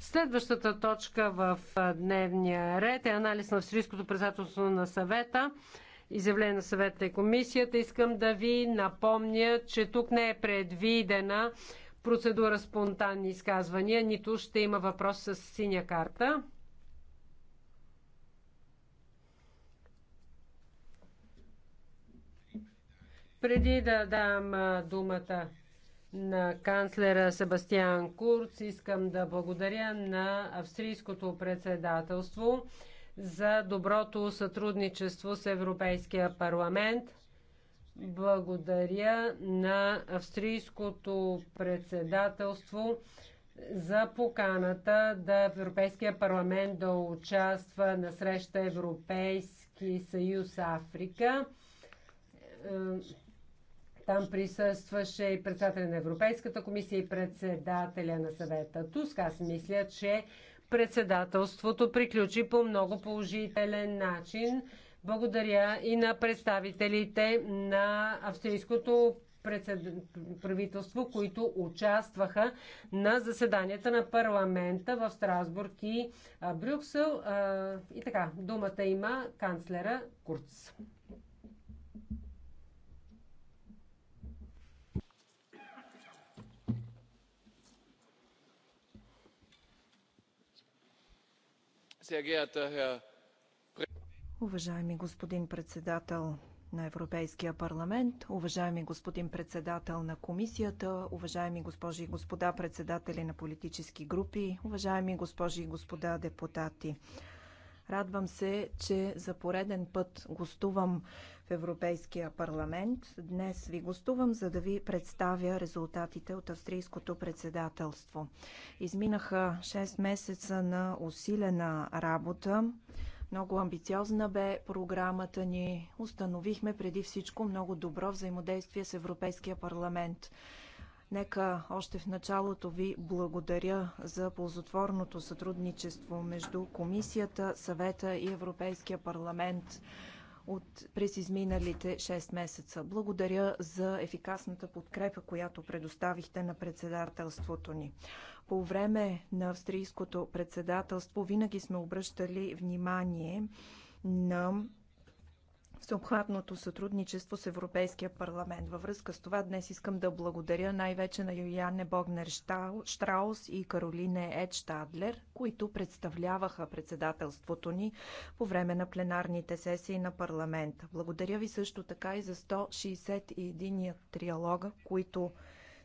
Следващата точка в дневния ред е анализ на австрийското председателство на съвета. Изявление на съвета и комисията. Искам да ви напомня, че тук не е предвидена процедура спонтанни изказвания, нито ще има въпрос с синя карта. Преди да дам думата на канцлера Себастиан Курц. Искам да благодаря на австрийското председателство за доброто сътрудничество с Европейския парламент. Благодаря на австрийското председателство за поканата да Европейския парламент да участва на среща Европейски съюз Африка. Е, там присъстваше и председателя на Европейската комисия и председателя на съвета Туск. Аз мисля, че председателството приключи по много положителен начин. Благодаря и на представителите на австрийското правителство, които участваха на заседанията на парламента в Страсбург и Брюксел. И така, думата има канцлера Курц. Уважаеми господин председател на Европейския парламент, уважаеми господин председател на комисията, уважаеми госпожи и господа председатели на политически групи, уважаеми госпожи и господа депутати. Радвам се, че за пореден път гостувам в Европейския парламент. Днес ви гостувам, за да ви представя резултатите от австрийското председателство. Изминаха 6 месеца на усилена работа. Много амбициозна бе програмата ни. Установихме преди всичко много добро взаимодействие с Европейския парламент. Нека още в началото ви благодаря за ползотворното сътрудничество между Комисията, Съвета и Европейския парламент от през изминалите 6 месеца. Благодаря за ефикасната подкрепа, която предоставихте на председателството ни. По време на австрийското председателство винаги сме обръщали внимание на всеобхватното сътрудничество с Европейския парламент. Във връзка с това днес искам да благодаря най-вече на Юяне Богнер Штраус и Каролине Едштадлер, които представляваха председателството ни по време на пленарните сесии на парламента. Благодаря ви също така и за 161 триалога, които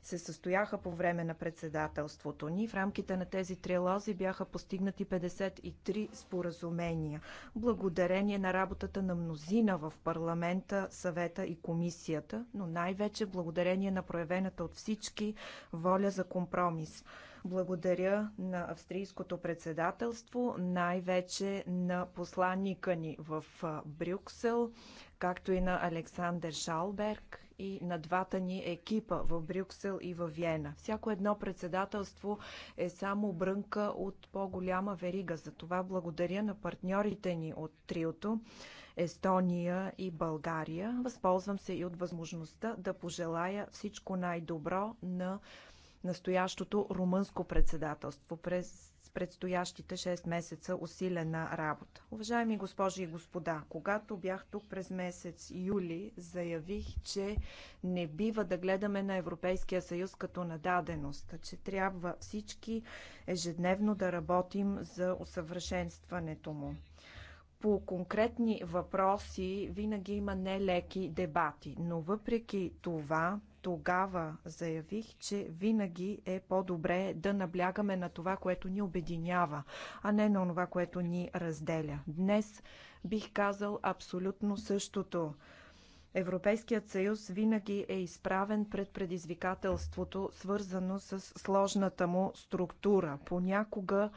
се състояха по време на председателството ни. В рамките на тези трилози бяха постигнати 53 споразумения. Благодарение на работата на мнозина в парламента, съвета и комисията, но най-вече благодарение на проявената от всички воля за компромис. Благодаря на австрийското председателство, най-вече на посланника ни в Брюксел, както и на Александър Шалберг, и на двата ни екипа в Брюксел и в Виена. Всяко едно председателство е само брънка от по-голяма верига. За това благодаря на партньорите ни от триото. Естония и България. Възползвам се и от възможността да пожелая всичко най-добро на настоящото румънско председателство през предстоящите 6 месеца усилена работа. Уважаеми госпожи и господа, когато бях тук през месец юли, заявих, че не бива да гледаме на Европейския съюз като на даденост, че трябва всички ежедневно да работим за усъвършенстването му по конкретни въпроси винаги има нелеки дебати, но въпреки това тогава заявих, че винаги е по-добре да наблягаме на това, което ни обединява, а не на това, което ни разделя. Днес бих казал абсолютно същото. Европейският съюз винаги е изправен пред предизвикателството, свързано с сложната му структура. Понякога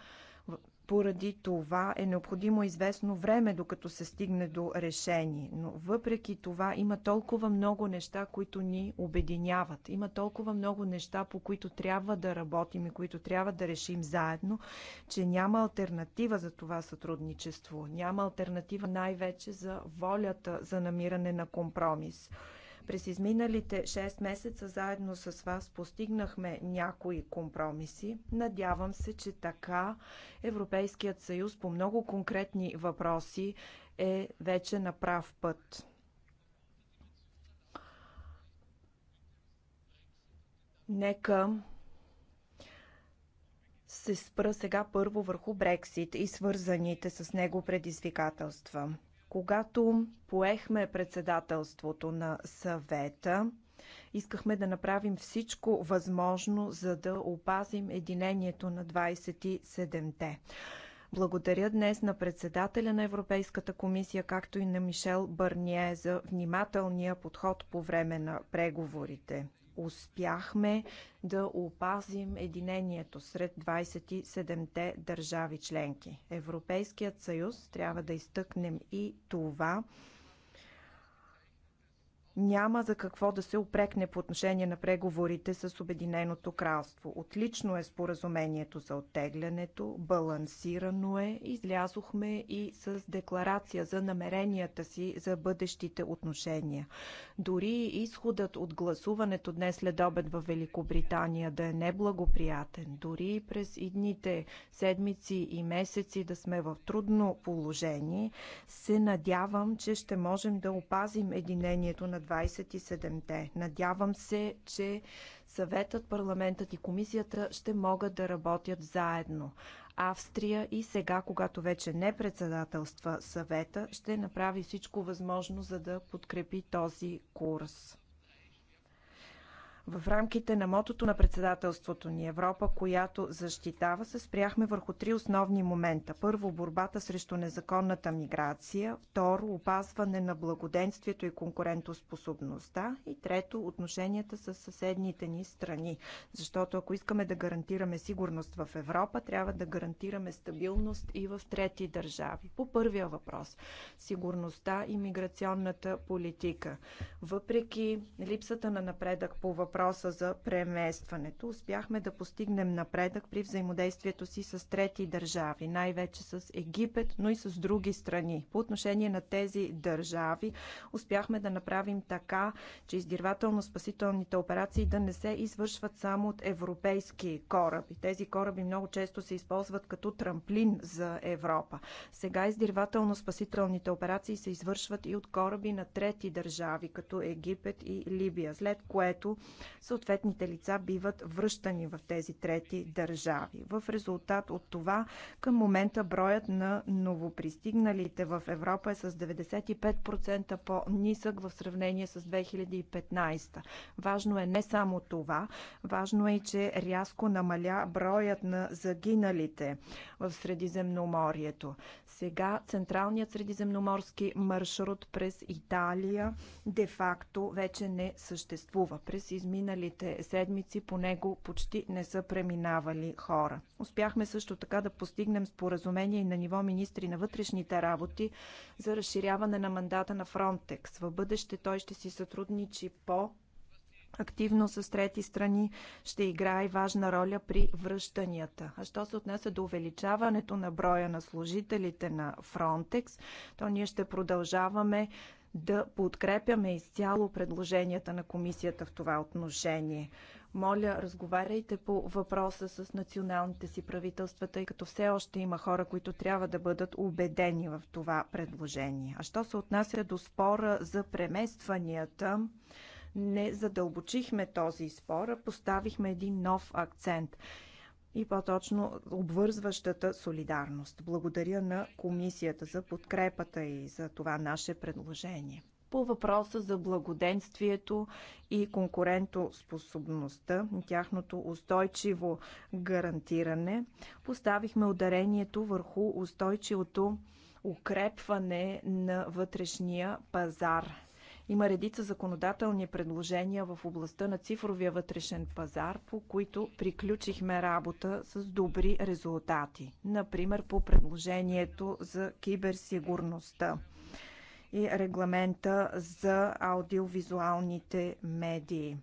поради това е необходимо известно време, докато се стигне до решение. Но въпреки това има толкова много неща, които ни обединяват. Има толкова много неща, по които трябва да работим и които трябва да решим заедно, че няма альтернатива за това сътрудничество. Няма альтернатива най-вече за волята за намиране на компромис. През изминалите 6 месеца заедно с вас постигнахме някои компромиси. Надявам се, че така Европейският съюз по много конкретни въпроси е вече на прав път. Нека се спра сега първо върху Брексит и свързаните с него предизвикателства. Когато поехме председателството на съвета, искахме да направим всичко възможно, за да опазим единението на 27-те. Благодаря днес на председателя на Европейската комисия, както и на Мишел Бърние за внимателния подход по време на преговорите успяхме да опазим единението сред 27-те държави членки. Европейският съюз трябва да изтъкнем и това, няма за какво да се опрекне по отношение на преговорите с Обединеното кралство. Отлично е споразумението за оттеглянето, балансирано е, излязохме и с декларация за намеренията си за бъдещите отношения. Дори изходът от гласуването днес след обед в Великобритания да е неблагоприятен, дори през идните седмици и месеци да сме в трудно положение, се надявам, че ще можем да опазим единението на 27-те. Надявам се, че съветът, парламентът и комисията ще могат да работят заедно. Австрия и сега, когато вече не председателства съвета, ще направи всичко възможно, за да подкрепи този курс. В рамките на мотото на председателството ни Европа, която защитава, се спряхме върху три основни момента. Първо, борбата срещу незаконната миграция. Второ, опазване на благоденствието и конкурентоспособността. И трето, отношенията с съседните ни страни. Защото ако искаме да гарантираме сигурност в Европа, трябва да гарантираме стабилност и в трети държави. По първия въпрос – сигурността и миграционната политика. Въпреки липсата на напредък по въпроса, въпроса за преместването. Успяхме да постигнем напредък при взаимодействието си с трети държави, най-вече с Египет, но и с други страни. По отношение на тези държави успяхме да направим така, че издирвателно-спасителните операции да не се извършват само от европейски кораби. Тези кораби много често се използват като трамплин за Европа. Сега издирвателно-спасителните операции се извършват и от кораби на трети държави, като Египет и Либия, след което съответните лица биват връщани в тези трети държави. В резултат от това, към момента броят на новопристигналите в Европа е с 95% по-нисък в сравнение с 2015. Важно е не само това, важно е и, че рязко намаля броят на загиналите в Средиземноморието. Сега централният средиземноморски маршрут през Италия де-факто вече не съществува. През изминалите миналите седмици по него почти не са преминавали хора. Успяхме също така да постигнем споразумение и на ниво министри на вътрешните работи за разширяване на мандата на Фронтекс. В бъдеще той ще си сътрудничи по активно с трети страни ще играе важна роля при връщанията. А що се отнесе до увеличаването на броя на служителите на Frontex, то ние ще продължаваме да подкрепяме изцяло предложенията на комисията в това отношение. Моля, разговаряйте по въпроса с националните си правителства, тъй като все още има хора, които трябва да бъдат убедени в това предложение. А що се отнася до спора за преместванията, не задълбочихме този спор, а поставихме един нов акцент и по-точно обвързващата солидарност. Благодаря на комисията за подкрепата и за това наше предложение. По въпроса за благоденствието и конкурентоспособността, тяхното устойчиво гарантиране, поставихме ударението върху устойчивото укрепване на вътрешния пазар има редица законодателни предложения в областта на цифровия вътрешен пазар, по които приключихме работа с добри резултати. Например, по предложението за киберсигурността и регламента за аудиовизуалните медии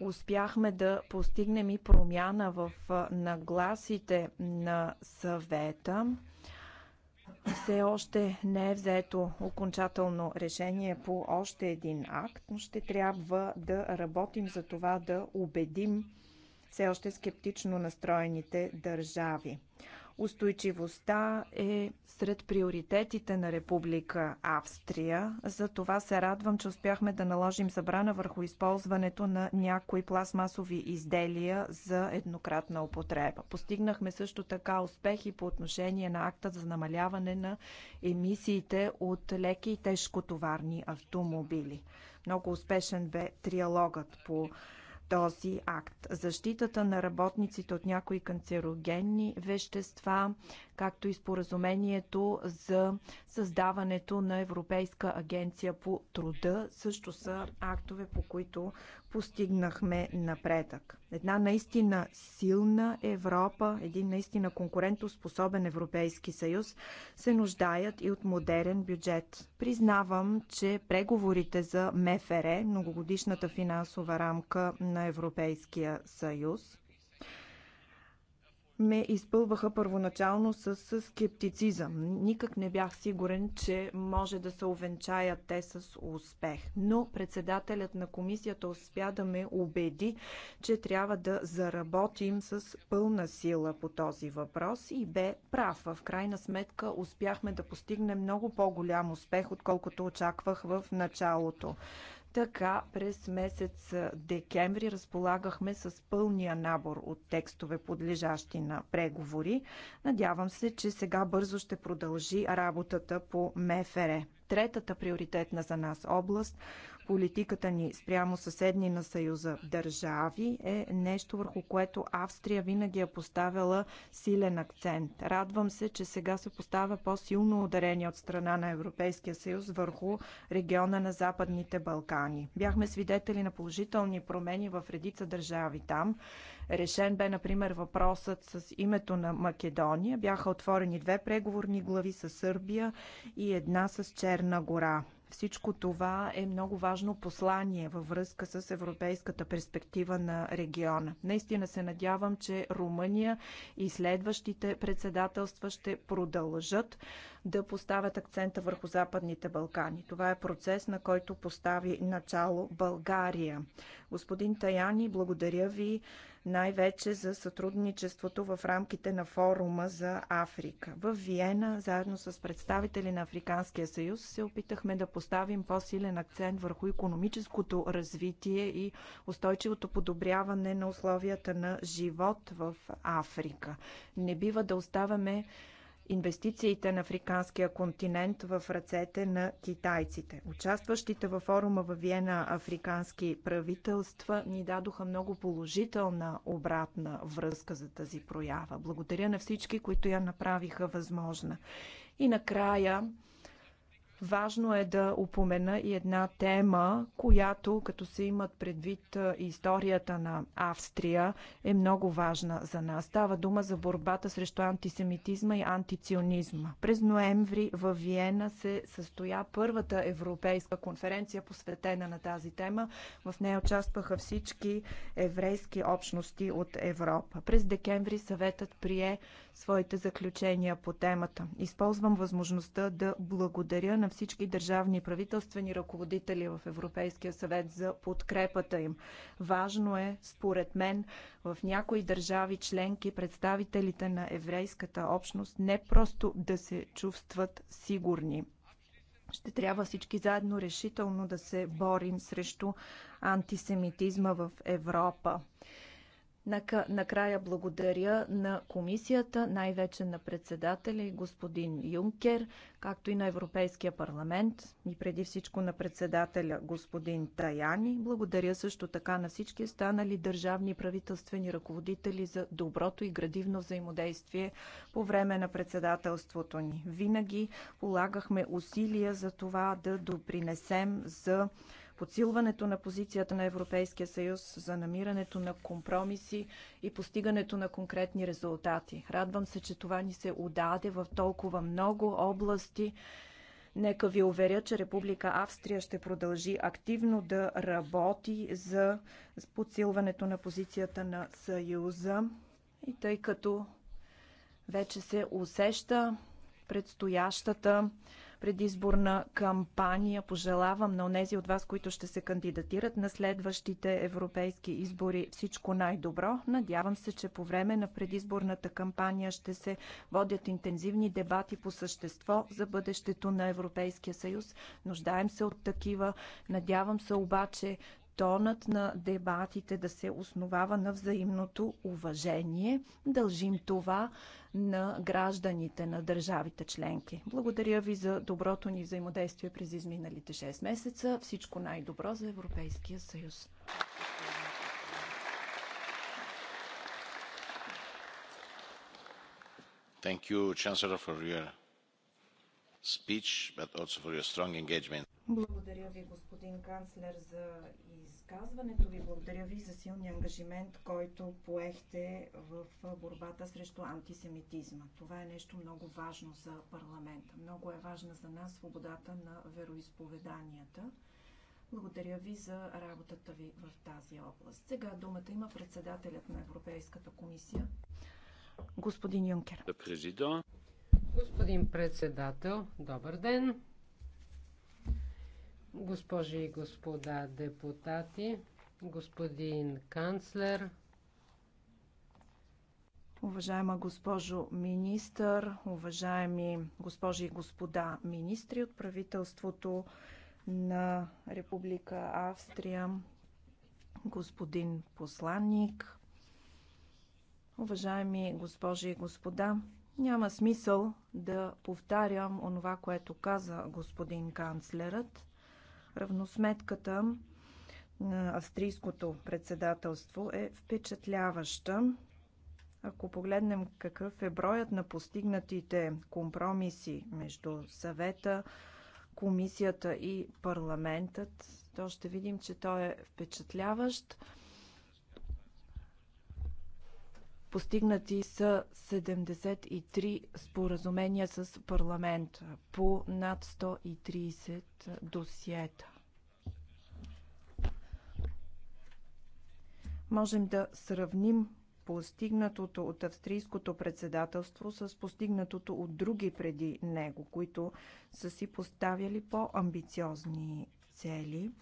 успяхме да постигнем и промяна в нагласите на съвета. Все още не е взето окончателно решение по още един акт, но ще трябва да работим за това да убедим все още скептично настроените държави. Устойчивостта е сред приоритетите на Република Австрия. За това се радвам, че успяхме да наложим забрана върху използването на някои пластмасови изделия за еднократна употреба. Постигнахме също така успехи по отношение на акта за намаляване на емисиите от леки и тежкотоварни автомобили. Много успешен бе триалогът по този акт. Защитата на работниците от някои канцерогенни вещества, както и споразумението за създаването на Европейска агенция по труда, също са актове, по които постигнахме напредък. Една наистина силна Европа, един наистина конкурентоспособен Европейски съюз се нуждаят и от модерен бюджет. Признавам, че преговорите за МФР, многогодишната финансова рамка на Европейския съюз, ме изпълваха първоначално с скептицизъм. Никак не бях сигурен, че може да се увенчаят те с успех. Но председателят на комисията успя да ме убеди, че трябва да заработим с пълна сила по този въпрос и бе прав. В крайна сметка успяхме да постигнем много по-голям успех, отколкото очаквах в началото. Така през месец декември разполагахме с пълния набор от текстове, подлежащи на преговори. Надявам се, че сега бързо ще продължи работата по МФР. Третата приоритетна за нас област политиката ни спрямо съседни на Съюза държави е нещо, върху което Австрия винаги е поставяла силен акцент. Радвам се, че сега се поставя по-силно ударение от страна на Европейския съюз върху региона на Западните Балкани. Бяхме свидетели на положителни промени в редица държави там. Решен бе, например, въпросът с името на Македония. Бяха отворени две преговорни глави с Сърбия и една с Черна гора. Всичко това е много важно послание във връзка с европейската перспектива на региона. Наистина се надявам, че Румъния и следващите председателства ще продължат да поставят акцента върху Западните Балкани. Това е процес, на който постави начало България. Господин Таяни, благодаря ви най-вече за сътрудничеството в рамките на форума за Африка. В Виена, заедно с представители на Африканския съюз, се опитахме да поставим по-силен акцент върху економическото развитие и устойчивото подобряване на условията на живот в Африка. Не бива да оставаме инвестициите на африканския континент в ръцете на китайците. Участващите във форума във Виена африкански правителства ни дадоха много положителна обратна връзка за тази проява. Благодаря на всички, които я направиха възможна. И накрая Важно е да упомена и една тема, която, като се имат предвид историята на Австрия, е много важна за нас. Става дума за борбата срещу антисемитизма и антиционизма. През ноември в Виена се състоя първата европейска конференция, посветена на тази тема. В нея участваха всички еврейски общности от Европа. През декември съветът прие своите заключения по темата. Използвам възможността да благодаря на всички държавни и правителствени ръководители в Европейския съвет за подкрепата им. Важно е, според мен, в някои държави членки представителите на еврейската общност не просто да се чувстват сигурни. Ще трябва всички заедно решително да се борим срещу антисемитизма в Европа. Накрая благодаря на комисията, най-вече на председателя и господин Юнкер, както и на Европейския парламент и преди всичко на председателя господин Таяни. Благодаря също така на всички станали държавни правителствени ръководители за доброто и градивно взаимодействие по време на председателството ни. Винаги полагахме усилия за това да допринесем за подсилването на позицията на Европейския съюз, за намирането на компромиси и постигането на конкретни резултати. Радвам се, че това ни се удаде в толкова много области. Нека ви уверя, че Република Австрия ще продължи активно да работи за подсилването на позицията на Съюза. И тъй като вече се усеща предстоящата предизборна кампания. Пожелавам на онези от вас, които ще се кандидатират на следващите европейски избори всичко най-добро. Надявам се, че по време на предизборната кампания ще се водят интензивни дебати по същество за бъдещето на Европейския съюз. Нуждаем се от такива. Надявам се обаче тонът на дебатите да се основава на взаимното уважение. Дължим това на гражданите на държавите членки. Благодаря ви за доброто ни взаимодействие през изминалите 6 месеца. Всичко най-добро за Европейския съюз. Thank you, Chancellor, for your speech, but also for your strong engagement. Благодаря ви, господин канцлер, за изказването ви. Благодаря ви за силния ангажимент, който поехте в борбата срещу антисемитизма. Това е нещо много важно за парламента. Много е важна за нас свободата на вероисповеданията. Благодаря ви за работата ви в тази област. Сега думата има председателят на Европейската комисия, господин Юнкер. Господин председател, добър ден! Госпожи и господа депутати, господин канцлер, Уважаема госпожо министър, уважаеми госпожи и господа министри от правителството на Република Австрия, господин посланник, уважаеми госпожи и господа, няма смисъл да повтарям онова, което каза господин канцлерът. Равносметката на австрийското председателство е впечатляваща. Ако погледнем какъв е броят на постигнатите компромиси между съвета, комисията и парламентът, то ще видим, че той е впечатляващ. Постигнати са 73 споразумения с парламента по над 130 досиета. Можем да сравним постигнатото от австрийското председателство с постигнатото от други преди него, които са си поставяли по-амбициозни цели.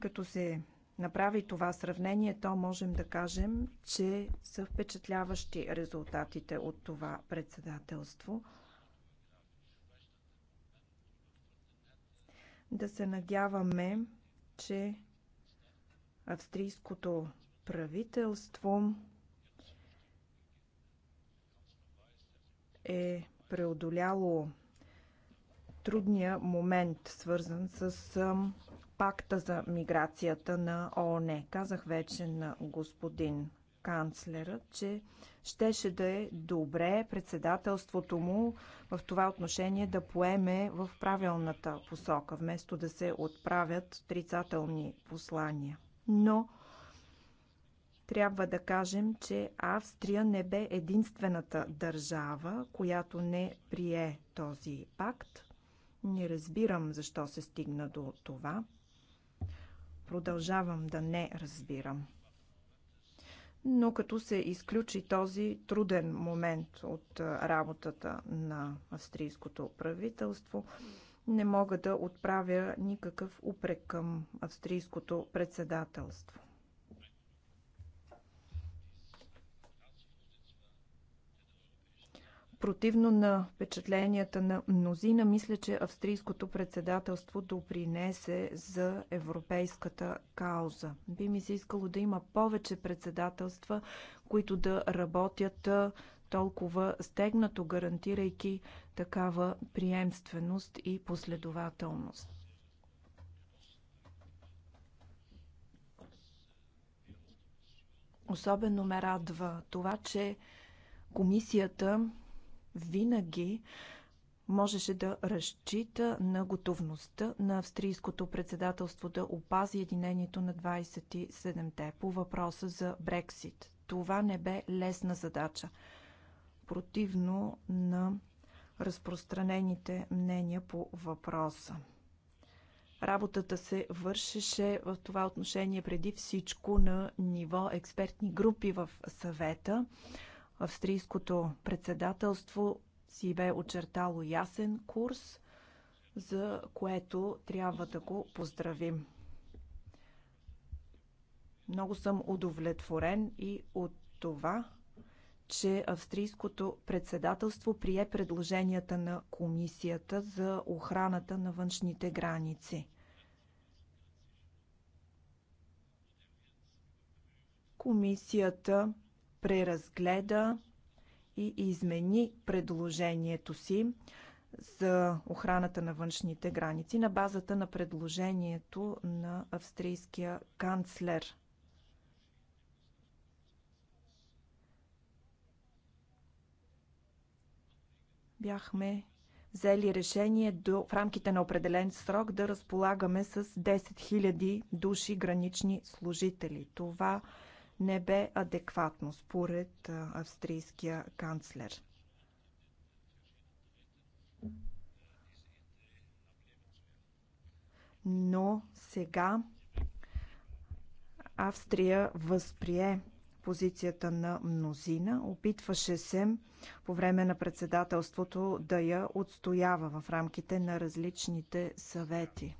Като се направи това сравнение, то можем да кажем, че са впечатляващи резултатите от това председателство. Да се надяваме, че австрийското правителство е преодоляло трудния момент, свързан с пакта за миграцията на ООН. Казах вече на господин канцлера, че щеше да е добре председателството му в това отношение да поеме в правилната посока, вместо да се отправят отрицателни послания. Но трябва да кажем, че Австрия не бе единствената държава, която не прие този пакт. Не разбирам защо се стигна до това. Продължавам да не разбирам. Но като се изключи този труден момент от работата на австрийското правителство, не мога да отправя никакъв упрек към австрийското председателство. Противно на впечатленията на мнозина, мисля, че австрийското председателство допринесе за европейската кауза. Би ми се искало да има повече председателства, които да работят толкова стегнато, гарантирайки такава приемственост и последователност. Особено ме радва това, че комисията винаги можеше да разчита на готовността на австрийското председателство да опази единението на 27-те по въпроса за Брексит. Това не бе лесна задача. Противно на разпространените мнения по въпроса. Работата се вършеше в това отношение преди всичко на ниво експертни групи в съвета. Австрийското председателство си бе очертало ясен курс, за което трябва да го поздравим. Много съм удовлетворен и от това, че австрийското председателство прие предложенията на комисията за охраната на външните граници. Комисията преразгледа и измени предложението си за охраната на външните граници на базата на предложението на австрийския канцлер. Бяхме взели решение до, в рамките на определен срок да разполагаме с 10 000 души гранични служители. Това е не бе адекватно според австрийския канцлер. Но сега Австрия възприе позицията на мнозина. Опитваше се по време на председателството да я отстоява в рамките на различните съвети.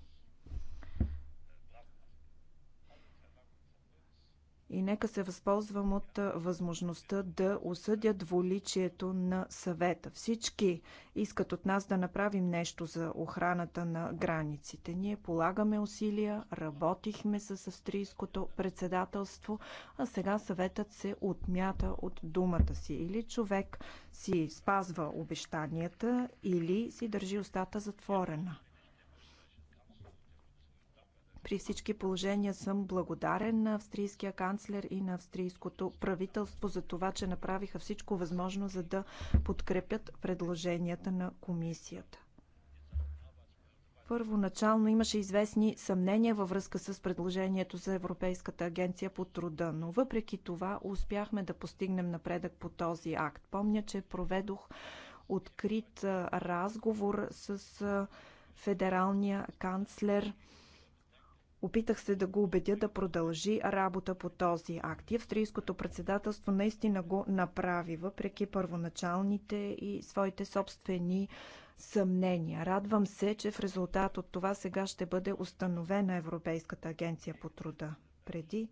И нека се възползвам от възможността да осъдя дволичието на съвета. Всички искат от нас да направим нещо за охраната на границите. Ние полагаме усилия, работихме с австрийското председателство, а сега съветът се отмята от думата си. Или човек си спазва обещанията, или си държи устата затворена. При всички положения съм благодарен на австрийския канцлер и на австрийското правителство за това, че направиха всичко възможно, за да подкрепят предложенията на комисията. Първоначално имаше известни съмнения във връзка с предложението за Европейската агенция по труда, но въпреки това успяхме да постигнем напредък по този акт. Помня, че проведох открит разговор с федералния канцлер Опитах се да го убедя да продължи работа по този акт. И австрийското председателство наистина го направи, въпреки първоначалните и своите собствени съмнения. Радвам се, че в резултат от това сега ще бъде установена Европейската агенция по труда. Преди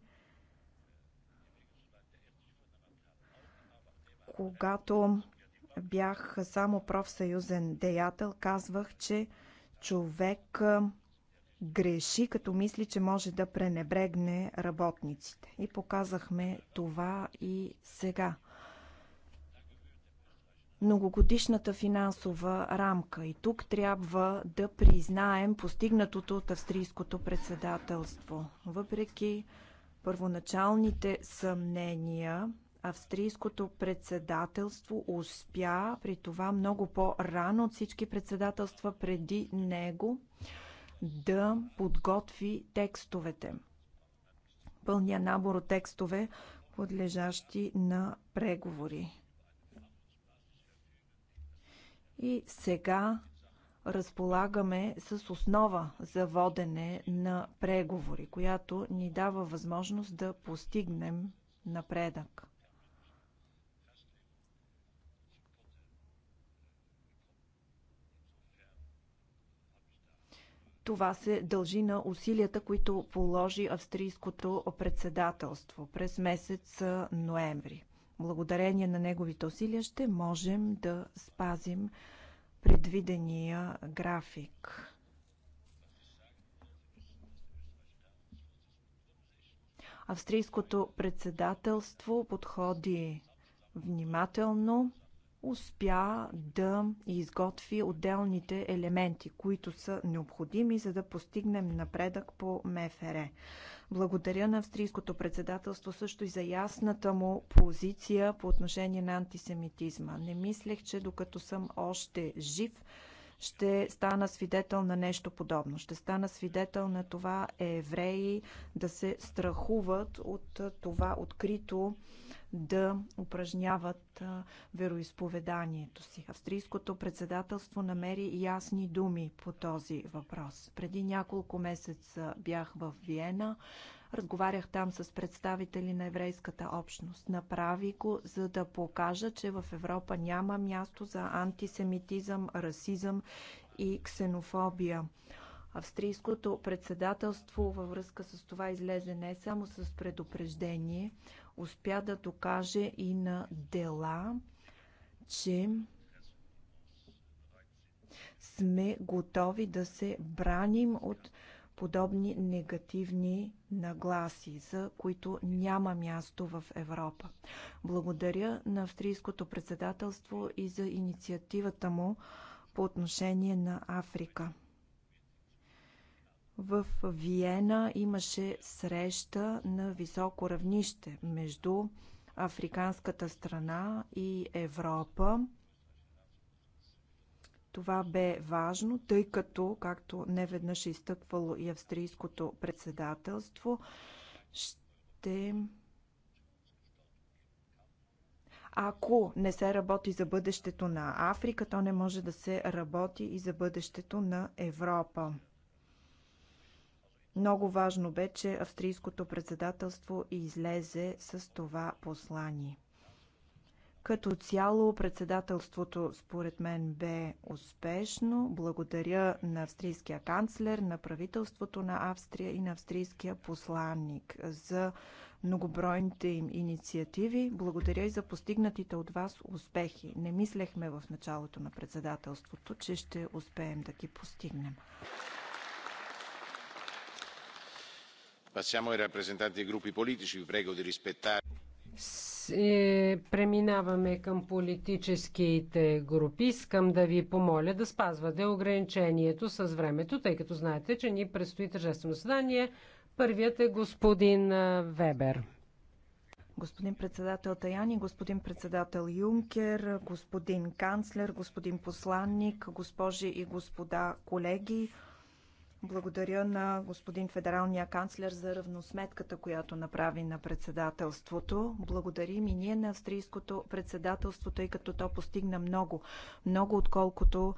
когато бях само профсъюзен деятел, казвах, че човек греши, като мисли, че може да пренебрегне работниците. И показахме това и сега. Многогодишната финансова рамка. И тук трябва да признаем постигнатото от австрийското председателство. Въпреки първоначалните съмнения, австрийското председателство успя при това много по-рано от всички председателства преди него да подготви текстовете. Пълния набор от текстове, подлежащи на преговори. И сега разполагаме с основа за водене на преговори, която ни дава възможност да постигнем напредък. Това се дължи на усилията, които положи австрийското председателство през месец ноември. Благодарение на неговите усилия ще можем да спазим предвидения график. Австрийското председателство подходи внимателно успя да изготви отделните елементи, които са необходими, за да постигнем напредък по МФР. Благодаря на австрийското председателство също и за ясната му позиция по отношение на антисемитизма. Не мислех, че докато съм още жив, ще стана свидетел на нещо подобно. Ще стана свидетел на това евреи да се страхуват от това открито да упражняват вероисповеданието си. Австрийското председателство намери ясни думи по този въпрос. Преди няколко месеца бях в Виена. Разговарях там с представители на еврейската общност. Направи го, за да покажа, че в Европа няма място за антисемитизъм, расизъм и ксенофобия. Австрийското председателство във връзка с това излезе не само с предупреждение, успя да докаже и на дела, че сме готови да се браним от подобни негативни нагласи, за които няма място в Европа. Благодаря на австрийското председателство и за инициативата му по отношение на Африка. В Виена имаше среща на високо равнище между африканската страна и Европа. Това бе важно, тъй като, както неведнъж е изтъквало и австрийското председателство, ще ако не се работи за бъдещето на Африка, то не може да се работи и за бъдещето на Европа. Много важно бе, че австрийското председателство излезе с това послание. Като цяло председателството според мен бе успешно. Благодаря на австрийския канцлер, на правителството на Австрия и на австрийския посланник за многобройните им инициативи. Благодаря и за постигнатите от вас успехи. Не мислехме в началото на председателството, че ще успеем да ги постигнем. Passiamo ai rappresentanti dei gruppi politici, vi prego di rispettare. Е, преминаваме към политическите групи. Искам да ви помоля да спазвате ограничението с времето, тъй като знаете, че ни предстои тържествено съдание. Първият е господин Вебер. Господин председател Таяни, господин председател Юнкер, господин канцлер, господин посланник, госпожи и господа колеги, благодаря на господин федералния канцлер за равносметката, която направи на председателството. Благодарим и ние на австрийското председателство, тъй като то постигна много, много отколкото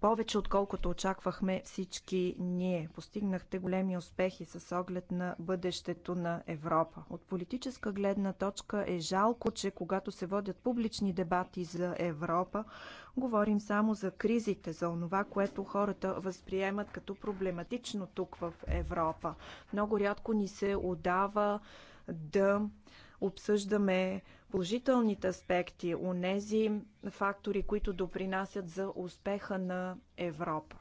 повече отколкото очаквахме всички ние. Постигнахте големи успехи с оглед на бъдещето на Европа. От политическа гледна точка е жалко, че когато се водят публични дебати за Европа, говорим само за кризите, за онова, което хората възприемат като проблематично тук в Европа. Много рядко ни се удава да обсъждаме положителните аспекти, онези фактори, които допринасят за успеха на Европа.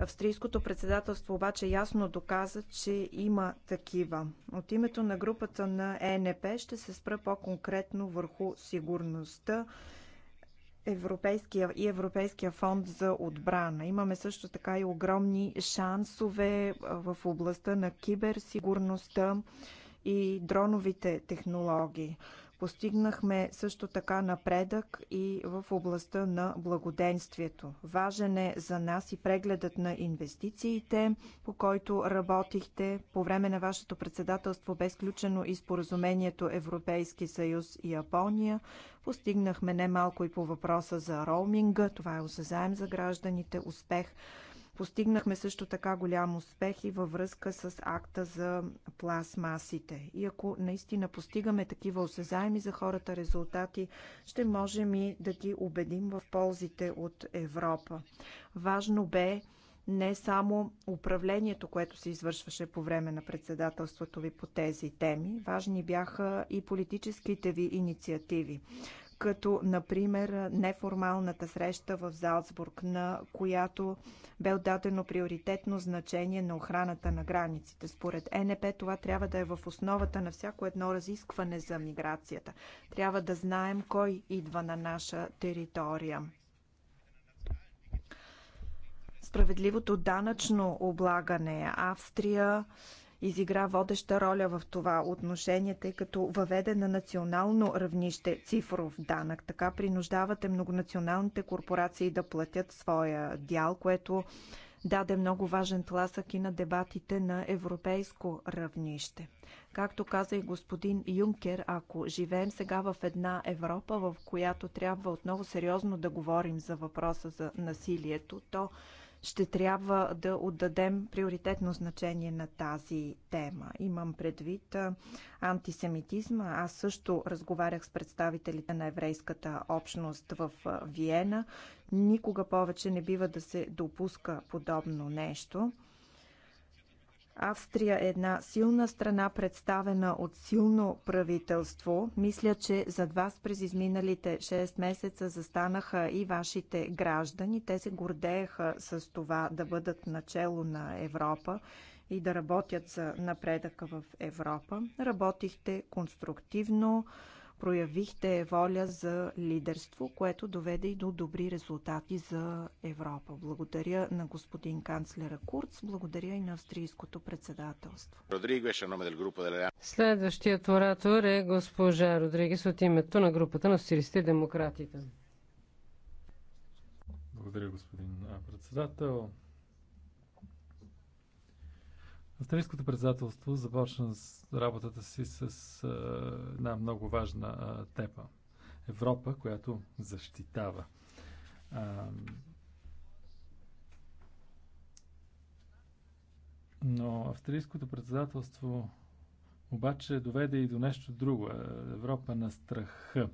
Австрийското председателство обаче ясно доказа, че има такива. От името на групата на ЕНП ще се спра по-конкретно върху сигурността Европейския и Европейския фонд за отбрана. Имаме също така и огромни шансове в областта на киберсигурността и дроновите технологии. Постигнахме също така напредък и в областта на благоденствието. Важен е за нас и прегледът на инвестициите, по който работихте. По време на вашето председателство бе сключено и споразумението Европейски съюз и Япония. Постигнахме немалко и по въпроса за роуминга. Това е осезаем за гражданите успех. Постигнахме също така голям успех и във връзка с акта за пластмасите. И ако наистина постигаме такива осезаеми за хората резултати, ще можем и да ги убедим в ползите от Европа. Важно бе не само управлението, което се извършваше по време на председателството ви по тези теми, важни бяха и политическите ви инициативи като например неформалната среща в Залцбург, на която бе отдадено приоритетно значение на охраната на границите. Според ЕНП това трябва да е в основата на всяко едно разискване за миграцията. Трябва да знаем кой идва на наша територия. Справедливото данъчно облагане. Австрия изигра водеща роля в това отношение, тъй като въведе на национално равнище цифров данък. Така принуждавате многонационалните корпорации да платят своя дял, което даде много важен тласък и на дебатите на европейско равнище. Както каза и господин Юнкер, ако живеем сега в една Европа, в която трябва отново сериозно да говорим за въпроса за насилието, то ще трябва да отдадем приоритетно значение на тази тема. Имам предвид антисемитизма. Аз също разговарях с представителите на еврейската общност в Виена. Никога повече не бива да се допуска подобно нещо. Австрия е една силна страна, представена от силно правителство. Мисля, че зад вас през изминалите 6 месеца застанаха и вашите граждани. Те се гордееха с това да бъдат начало на Европа и да работят за напредъка в Европа. Работихте конструктивно, проявихте воля за лидерство, което доведе и до добри резултати за Европа. Благодаря на господин канцлера Курц, благодаря и на австрийското председателство. Следващият оратор е госпожа Родригес от името на групата на социалистите и демократите. Благодаря, господин председател. Австрийското председателство започна с работата си с а, една много важна а, тема. Европа, която защитава. А, но австрийското председателство обаче доведе и до нещо друго. Европа на страха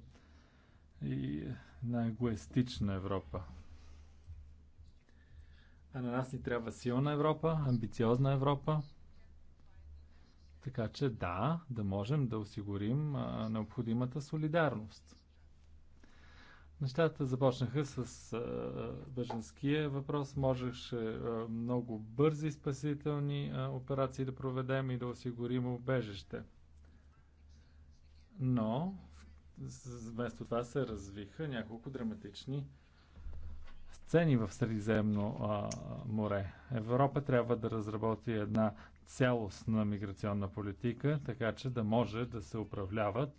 и на егоистична Европа. А на нас ни трябва силна Европа, амбициозна Европа. Така че да, да можем да осигурим а, необходимата солидарност. Нещата започнаха с а, беженския въпрос. Можеше а, много бързи спасителни а, операции да проведем и да осигурим обежище. Но вместо това се развиха няколко драматични цени в Средиземно а, море. Европа трябва да разработи една цялостна миграционна политика, така че да може да се управляват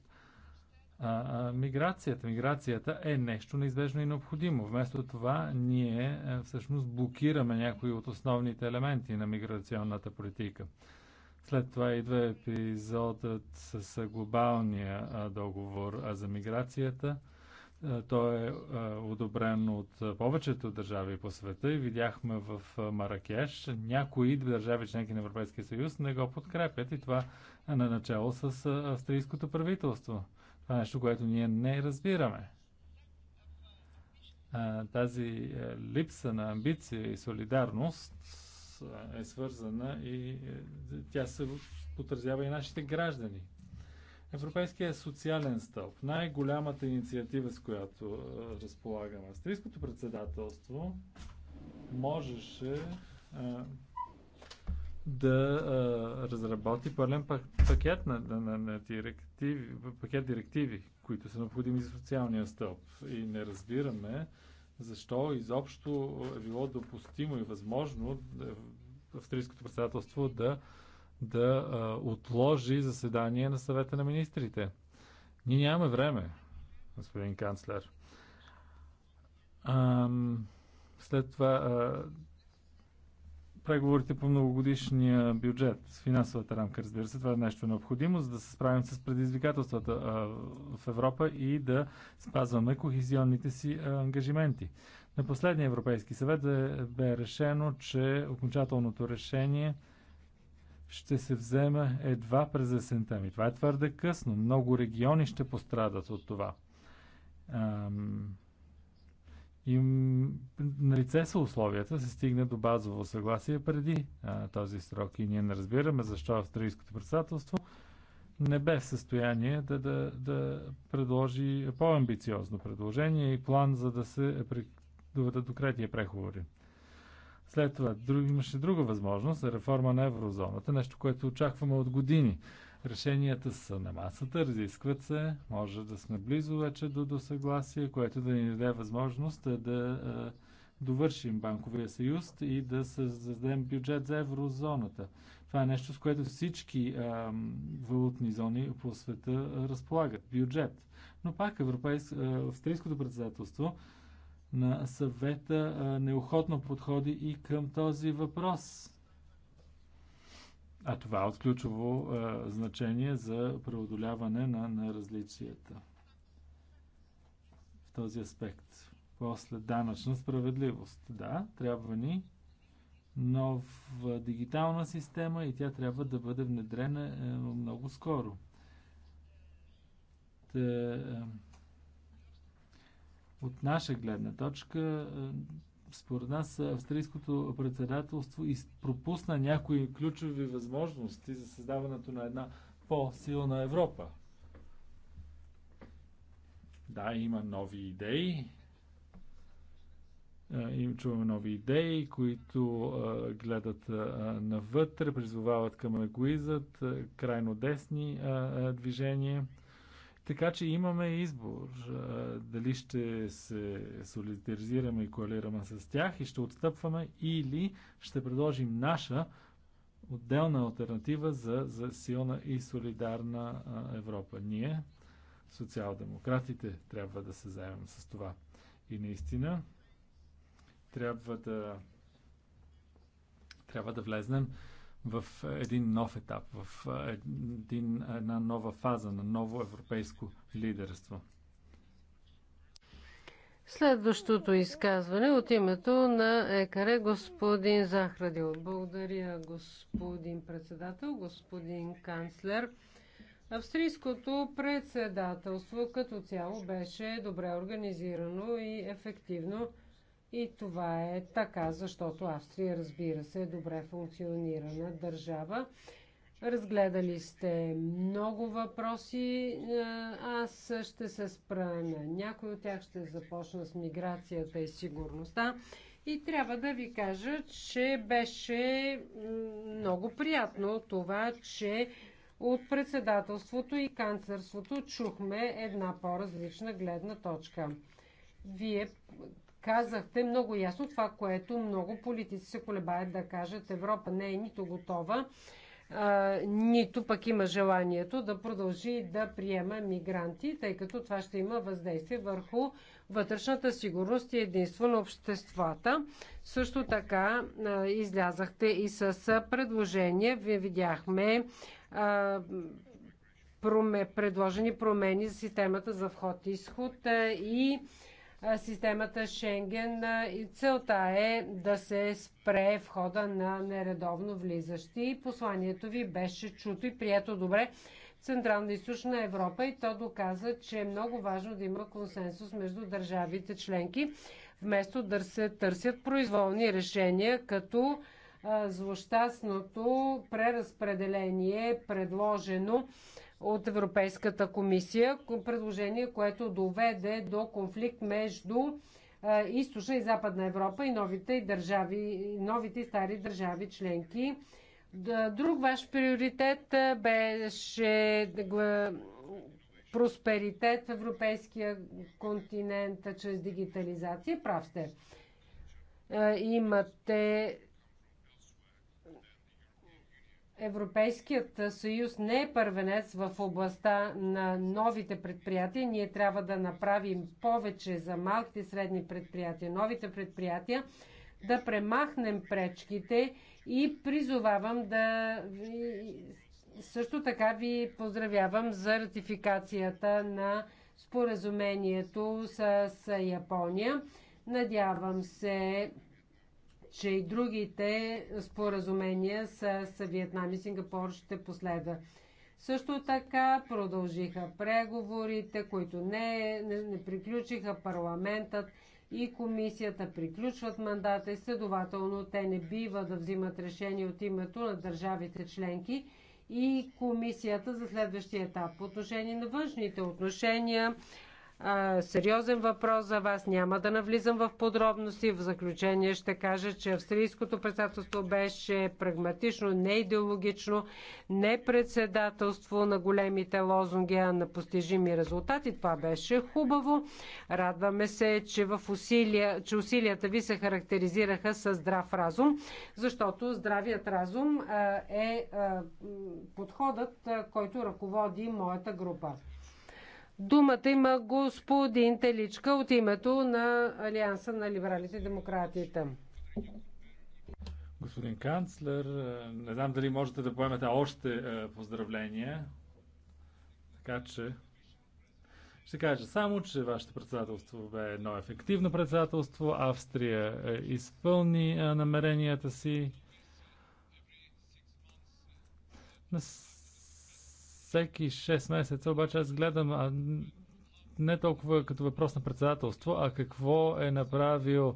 а, а, миграцията. Миграцията е нещо неизбежно и необходимо. Вместо това ние а, всъщност блокираме някои от основните елементи на миграционната политика. След това идва епизодът с глобалния договор за миграцията – е, той е, е одобрен от е, повечето държави по света и видяхме в Маракеш някои държави членки на Европейския съюз не го подкрепят и това е на начало с австрийското правителство. Това е нещо, което ние не разбираме. Тази липса на амбиция и солидарност е свързана и тя се отразява и нашите граждани. Европейския социален стълб, най-голямата инициатива, с която разполагаме. Австрийското председателство можеше а, да а, разработи пълен пакет на, на, на, на директиви, пакет директиви, които са необходими за социалния стълб. И не разбираме защо изобщо е било допустимо и възможно е, австрийското председателство да да а, отложи заседание на съвета на министрите. Ние нямаме време, господин канцлер. Ам, след това а, преговорите по многогодишния бюджет, финансовата рамка, разбира се, това е нещо необходимо, за да се справим с предизвикателствата а, в Европа и да спазваме кохезионните си а, ангажименти. На последния Европейски съвет бе решено, че окончателното решение ще се вземе едва през есента ми. Това е твърде късно. Много региони ще пострадат от това. Ам... И на лице са условията, се стигне до базово съгласие преди а, този срок. И ние не разбираме защо австрийското председателство не бе в състояние да, да, да предложи по-амбициозно предложение и план, за да се доведат до кретия преговори. След това друг, имаше друга възможност за реформа на еврозоната, нещо, което очакваме от години. Решенията са на масата, разискват се, може да сме близо вече до, до съгласие, което да ни даде възможност да, да довършим банковия съюз и да създадем бюджет за еврозоната. Това е нещо, с което всички а, валутни зони по света разполагат. Бюджет. Но пак Европейс... австрийското председателство на съвета неохотно подходи и към този въпрос. А това е от ключово значение за преодоляване на, на различията в този аспект. После данъчна справедливост. Да, трябва ни нова дигитална система и тя трябва да бъде внедрена е, много скоро. Е, от наша гледна точка, е, според нас е, австрийското председателство пропусна някои ключови възможности за създаването на една по-силна Европа. Да, има нови идеи. Е, Им чуваме нови идеи, които гледат навътре, призовават към егоизът, крайно десни движения. Така че имаме избор дали ще се солидаризираме и коалираме с тях и ще отстъпваме или ще предложим наша отделна альтернатива за, за силна и солидарна Европа. Ние, социал-демократите, трябва да се заемем с това. И наистина трябва да трябва да влезнем в е, един нов етап, в е, един, една нова фаза на ново европейско лидерство. Следващото изказване от името на ЕКАРЕ господин Захрадил. Благодаря, господин председател, господин канцлер. Австрийското председателство като цяло беше добре организирано и ефективно. И това е така, защото Австрия, разбира се, е добре функционирана държава. Разгледали сте много въпроси. Е, аз ще се спра на някой от тях. Ще започна с миграцията и сигурността. И трябва да ви кажа, че беше много приятно това, че от председателството и канцлерството чухме една по-различна гледна точка. Вие казахте много ясно това, което много политици се колебаят да кажат. Европа не е нито готова, а, нито пък има желанието да продължи да приема мигранти, тъй като това ще има въздействие върху вътрешната сигурност и единство на обществата. Също така а, излязахте и с предложение. Вие видяхме а, проме, предложени промени за системата за вход-изход и изход и системата Шенген. И целта е да се спре входа на нередовно влизащи. Посланието ви беше чуто и прието добре. Централна и Източна Европа и то доказа, че е много важно да има консенсус между държавите членки, вместо да се търсят произволни решения, като злощастното преразпределение, предложено от Европейската комисия. Предложение, което доведе до конфликт между източна и западна Европа и новите, и държави, новите и стари държави членки. Друг ваш приоритет беше просперитет в европейския континент чрез дигитализация. Прав сте. Имате Европейският съюз не е първенец в областта на новите предприятия. Ние трябва да направим повече за малките и средни предприятия, новите предприятия, да премахнем пречките и призовавам да също така ви поздравявам за ратификацията на споразумението с Япония. Надявам се че и другите споразумения с Виетнам и Сингапур ще последва. Също така продължиха преговорите, които не, не, не приключиха парламентът и комисията приключват мандата и следователно те не бива да взимат решение от името на държавите членки и комисията за следващия етап. По отношение на външните отношения сериозен въпрос за вас. Няма да навлизам в подробности. В заключение ще кажа, че австрийското председателство беше прагматично, не идеологично, не председателство на големите лозунги, а на постижими резултати. Това беше хубаво. Радваме се, че, в усилия, че усилията ви се характеризираха с здрав разум, защото здравият разум е подходът, който ръководи моята група. Думата има господин Теличка от името на Алианса на либералите и демократията. Господин канцлер, не знам дали можете да поемете още е, поздравления. Така че ще кажа само, че вашето председателство бе едно ефективно председателство. Австрия е, изпълни е, намеренията си всеки 6 месеца, обаче аз гледам а, не толкова като въпрос на председателство, а какво е направил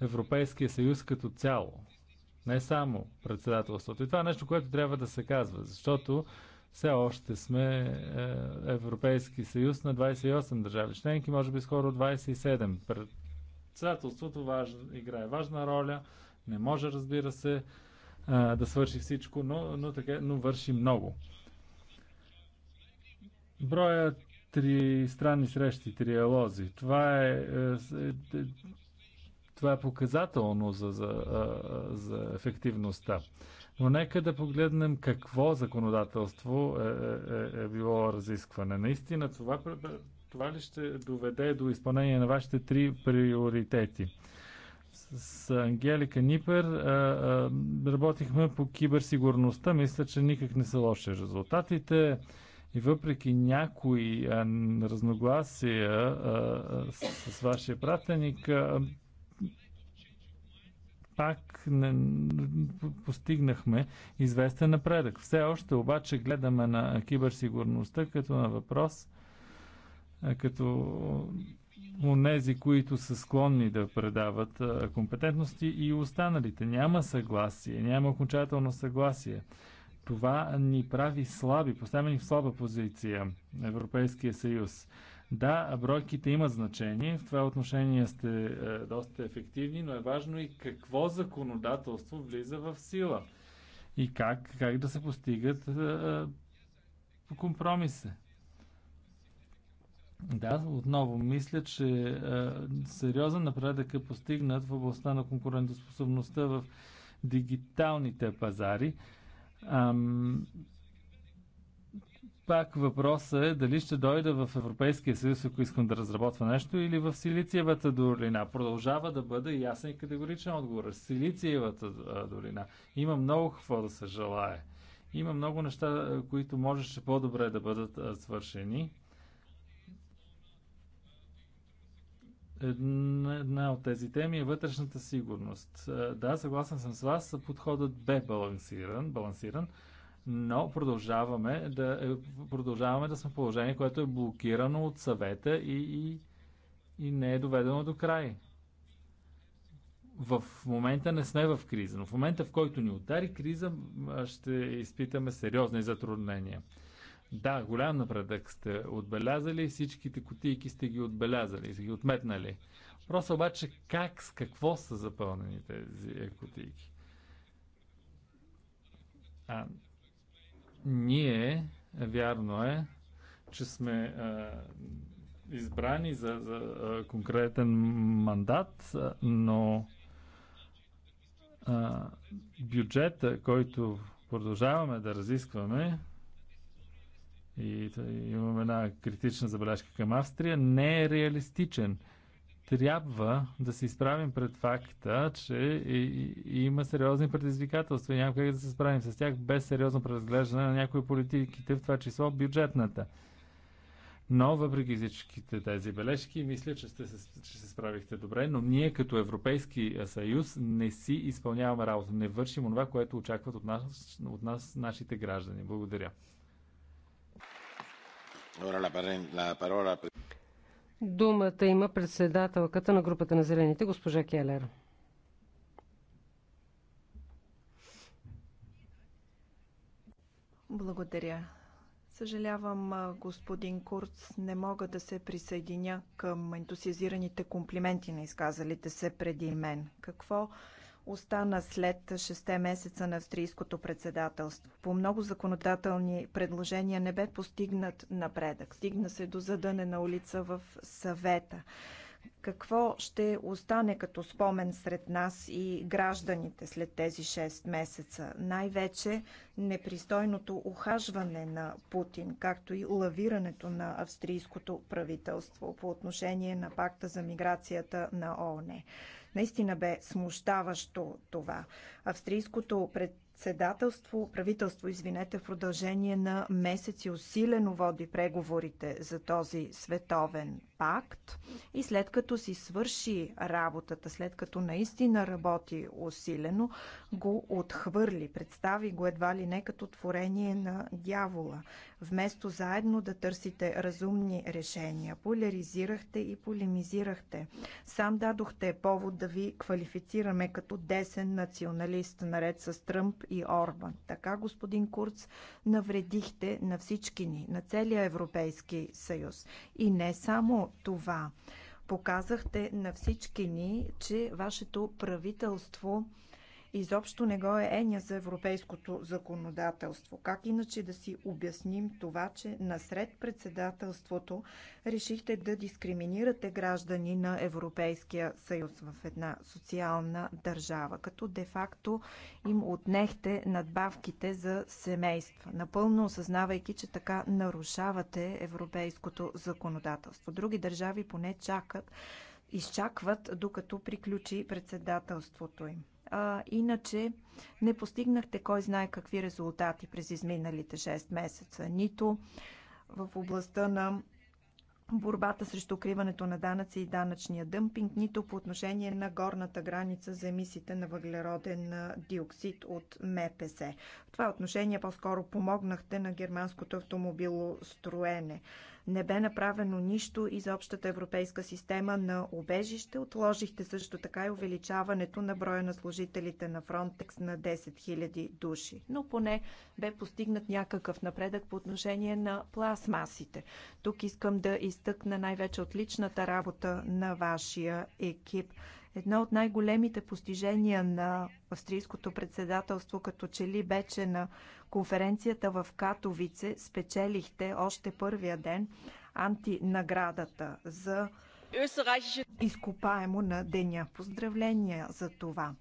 Европейския съюз като цяло. Не само председателството. И това е нещо, което трябва да се казва, защото все още сме е, Европейски съюз на 28 държави членки, може би скоро 27. Председателството важ, играе важна роля, не може, разбира се, е, да свърши всичко, но, но, така, но върши много. Броя три странни срещи, триалози. Това е, е, е, е това е показателно за, за, за ефективността. Но нека да погледнем какво законодателство е, е, е било разискване. Наистина това, това ли ще доведе до изпълнение на вашите три приоритети? с Ангелика Нипер а, а, работихме по киберсигурността. Мисля, че никак не са лоши резултатите. И въпреки някои а, разногласия а, с, с вашия пратеник, а, пак не, постигнахме известен напредък. Все още обаче гледаме на киберсигурността като на въпрос, а, като онези, които са склонни да предават компетентности и останалите. Няма съгласие, няма окончателно съгласие. Това ни прави слаби, поставя ни в слаба позиция Европейския съюз. Да, бройките имат значение, в това отношение сте е, доста ефективни, но е важно и какво законодателство влиза в сила и как, как да се постигат е, е, компромиси. Да, отново мисля, че е, сериозен напредък е постигнат в областта на конкурентоспособността в дигиталните пазари. Е, Ам... Пак въпросът е дали ще дойда в Европейския съюз, ако искам да разработва нещо, или в Силициевата долина. Продължава да бъде ясен и категоричен отговор. Силициевата долина. Има много какво да се желая. Има много неща, които можеше по-добре да бъдат свършени. Една от тези теми е вътрешната сигурност. Е, да, съгласен съм с вас, подходът бе балансиран, балансиран но продължаваме да, е, продължаваме да сме в положение, което е блокирано от съвета и, и, и не е доведено до край. В момента не сме в криза, но в момента, в който ни удари криза, ще изпитаме сериозни затруднения. Да, голям напредък сте отбелязали, всичките кутийки сте ги отбелязали, сте ги отметнали. Просто обаче как, с какво са запълнени тези кутийки? А, ние, вярно е, че сме а, избрани за, за а, конкретен мандат, но а, бюджета, който продължаваме да разискваме, и имам една критична забележка към Австрия, не е реалистичен. Трябва да се изправим пред факта, че има сериозни предизвикателства и няма как да се справим с тях без сериозно преразглеждане на някои политиките, в това число бюджетната. Но въпреки всичките тези бележки, мисля, че, сте, че се справихте добре, но ние като Европейски съюз не си изпълняваме работа, не вършим това, което очакват от нас, от нас нашите граждани. Благодаря. Думата има председателката на групата на зелените, госпожа Келер. Благодаря. Съжалявам, господин Курц, не мога да се присъединя към ентусиазираните комплименти на изказалите се преди мен. Какво остана след 6 месеца на австрийското председателство. По много законодателни предложения не бе постигнат напредък. Стигна се до задънена улица в съвета. Какво ще остане като спомен сред нас и гражданите след тези 6 месеца? Най-вече непристойното ухажване на Путин, както и лавирането на австрийското правителство по отношение на пакта за миграцията на ООН. Наистина бе смущаващо това. Австрийското пред председателство, правителство, извинете, в продължение на месеци усилено води преговорите за този световен пакт и след като си свърши работата, след като наистина работи усилено, го отхвърли, представи го едва ли не като творение на дявола. Вместо заедно да търсите разумни решения, поляризирахте и полемизирахте. Сам дадохте повод да ви квалифицираме като десен националист, наред с Тръмп и Орбан. Така, господин Курц, навредихте на всички ни, на целия Европейски съюз. И не само това показахте на всички ни, че вашето правителство изобщо не го е еня за европейското законодателство. Как иначе да си обясним това, че насред председателството решихте да дискриминирате граждани на Европейския съюз в една социална държава, като де-факто им отнехте надбавките за семейства, напълно осъзнавайки, че така нарушавате европейското законодателство. Други държави поне чакат изчакват, докато приключи председателството им а, иначе не постигнахте кой знае какви резултати през изминалите 6 месеца. Нито в областта на борбата срещу укриването на данъци и данъчния дъмпинг, нито по отношение на горната граница за емисиите на въглероден диоксид от МПС. В това отношение по-скоро помогнахте на германското автомобилостроене. Не бе направено нищо и за общата европейска система на убежище. Отложихте също така и увеличаването на броя на служителите на Фронтекс на 10 000 души. Но поне бе постигнат някакъв напредък по отношение на пластмасите. Тук искам да изтъкна най-вече отличната работа на вашия екип. Едно от най-големите постижения на австрийското председателство, като че ли че на конференцията в Катовице, спечелихте още първия ден антинаградата за изкопаемо на деня. Поздравления за това!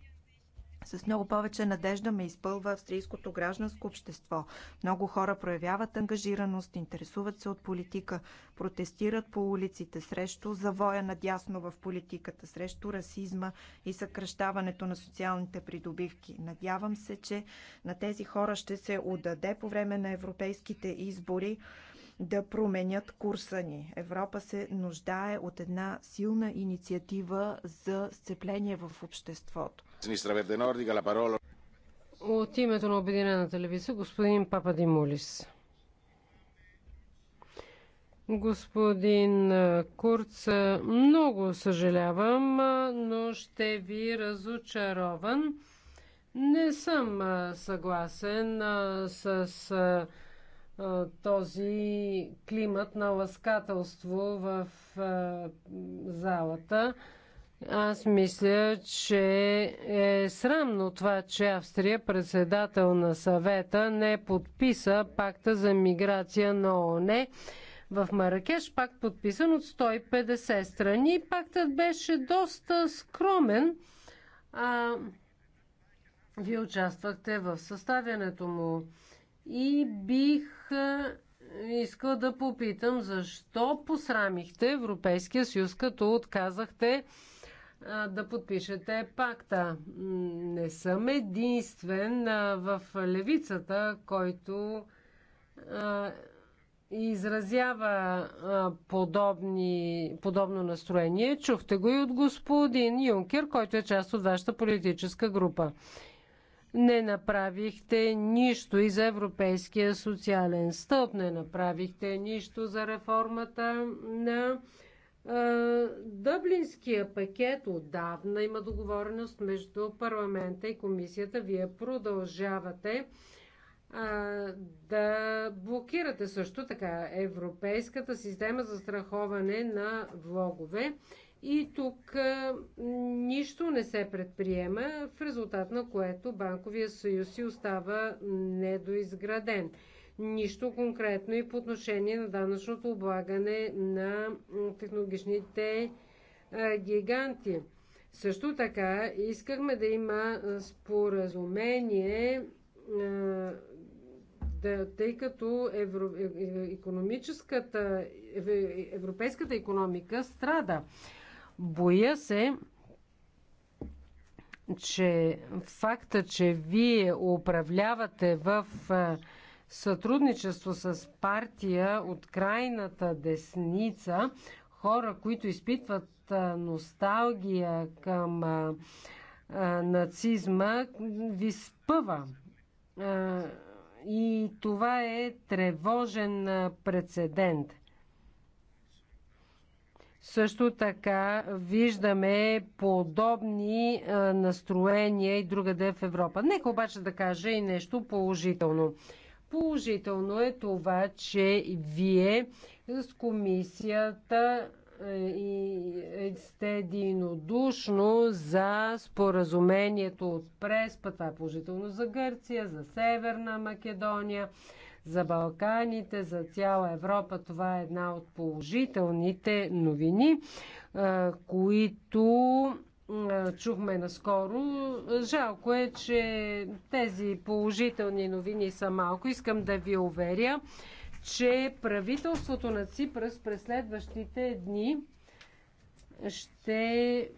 С много повече надежда ме изпълва австрийското гражданско общество. Много хора проявяват ангажираност, интересуват се от политика, протестират по улиците срещу завоя надясно в политиката, срещу расизма и съкръщаването на социалните придобивки. Надявам се, че на тези хора ще се отдаде по време на европейските избори да променят курса ни. Европа се нуждае от една силна инициатива за сцепление в обществото. От името на Обединена телевизия, господин Папа Димулис. Господин Курц, много съжалявам, но ще ви разочарован. Не съм съгласен с този климат на ласкателство в залата. Аз мисля, че е срамно това, че Австрия, председател на съвета, не подписа пакта за миграция на ООН в Маракеш, пакт подписан от 150 страни. Пактът беше доста скромен. А, вие участвахте в съставянето му и бих искал да попитам защо посрамихте Европейския съюз, като отказахте да подпишете пакта. Не съм единствен в левицата, който изразява подобни, подобно настроение. Чухте го и от господин Юнкер, който е част от вашата политическа група. Не направихте нищо и за Европейския социален стълб, не направихте нищо за реформата на е, Дъблинския пакет отдавна има договореност между парламента и комисията. Вие продължавате е, да блокирате също така Европейската система за страховане на влогове. И тук е, нищо не се предприема, в резултат на което банковия съюз си остава недоизграден нищо конкретно и по отношение на данъчното облагане на технологичните гиганти. Също така искахме да има споразумение, да, тъй като евро, е, е, европейската економика страда. Боя се, че факта, че вие управлявате в сътрудничество с партия от крайната десница, хора, които изпитват носталгия към нацизма, ви спъва. И това е тревожен прецедент. Също така виждаме подобни настроения и другаде в Европа. Нека обаче да кажа и нещо положително. Положително е това, че вие с комисията е, и е, сте единодушно за споразумението от Преспа. Това е положително за Гърция, за Северна Македония, за Балканите, за цяла Европа. Това е една от положителните новини, е, които чухме наскоро. Жалко е, че тези положителни новини са малко. Искам да ви уверя, че правителството на Ципрас през следващите дни ще